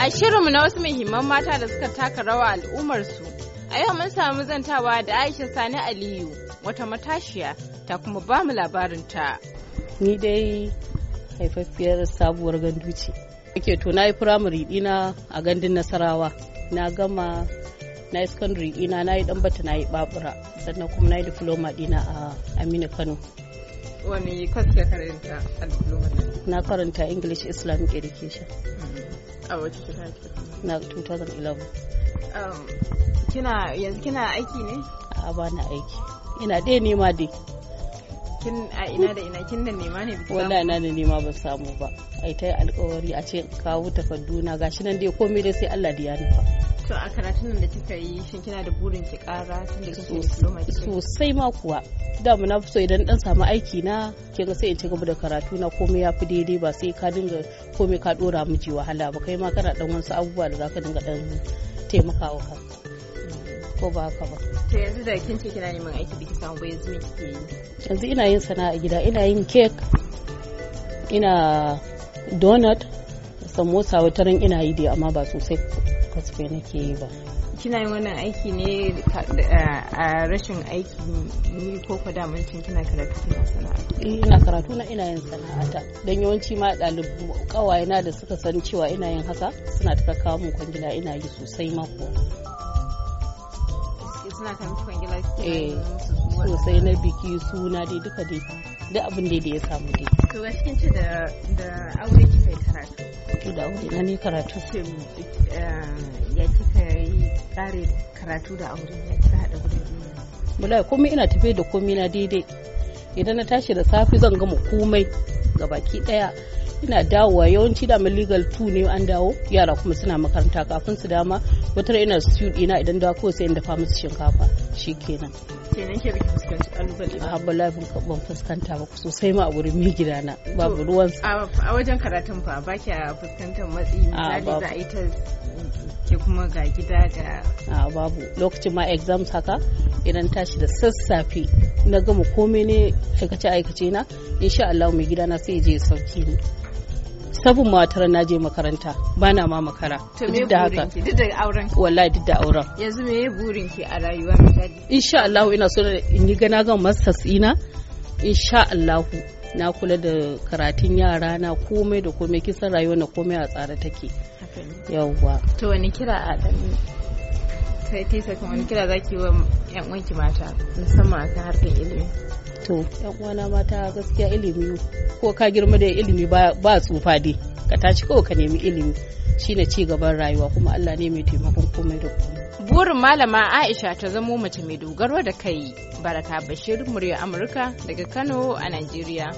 A shirinmu na wasu muhimman mata da suka taka rawa al'ummarsu, a yau mun samu zantawa da Aisha Sani Aliyu, wata matashiya, ta kuma ba mu labarin ta. Ni dai haifaffiyar sabuwar gandu ce. Ake to na yi firamare ɗina a gandun Nasarawa, na gama na yi secondary ɗina na yi ɗanbata na yi babura sannan kuma na yi diploma ɗina a Aminu Kano. Wani kwas karanta a diploma? Na karanta English Islamic Education. Mm. a wacce shekara na 2011 um, kina yanzu kina aiki ne a ba na aiki ina dai nema dai kin a ina da ina kin da nema ne biki wallahi ina da nema ban samu ba ai ta alƙawari a ce kawo takarduna. na gashi nan dai komai dai sai Allah da ya nufa to a karatun nan da kika yi shin kina da burin ki kara tun da kike diploma sosai ma kuwa da mu na so idan dan samu aiki na ke ga sai in ci gaba da karatu na komai ya fi daidai ba sai ka dinga komai ka dora miji wahala ba kai ma kana dan wasu abubuwa da zaka dinga dan taimakawa ka. ko ba haka ba to yanzu da kin ce kina neman aiki biki samu ba yanzu me kike yi yanzu ina yin sana'a gida ina yin cake ina donut samosa wataran ina yi dai amma ba sosai kasfe nake yi ba kina yin wannan aiki ne a rashin aiki ni ko ko daman cin kina karatu na sana'a eh, ina karatu na ina yin sana'ata dan yawanci ma kawai na da suka san cewa ina yin haka suna ta kawo mun kwangila ina yi sosai mako suna ta miki kwangila eh sosai na biki suna dai duka dai duk abin da ya samu dai to cikin ce da da aure kai karatu to da aure na ne karatu eh, ya kika yi kare karatu da aure ya kika hada gudun bula komai ina tafe da komai na daidai idan na tashi da safi zan gama komai ga baki daya ina dawowa yawanci da legal 2 ne an dawo yara kuma suna makaranta kafin su dama wata ina su ina idan da ko sai in dafa musu shinkafa shikenan kenan ke biki fuskanci kalubale ba abba lafin ban fuskanta ba sosai ma a wurin mai gidana babu ruwan a wajen karatun fa ba kya fuskantar matsi misali za a yi ta ke kuma ga gida ga a babu lokacin ma exams haka idan tashi da sassafe na gama komai ne aikace aikace na insha Allah mai gidana sai je sauki ne sabon matar na je makaranta ba na ma makara duk da haka duk da auren wallahi duk da auren yanzu me burin ki a rayuwa insha Allah ina so in yi gana ga masters ina insha Allah na kula da karatun yara na komai da komai kisan rayuwa na komai a tsara take yawwa to wani kira a kai tesa kuma wani kira zaki wa yan uwanki mata musamman akan harkar ilimi to yan uwana mata gaskiya ilimi ko ka girma da ilimi ba tsufa dai ka tashi kawai ka nemi ilimi shine ci gaban rayuwa kuma Allah ne mai taimakon komai da komai burin malama Aisha ta zamo mace mai dogaro da kai baraka bashir murya Amurka daga Kano a Najeriya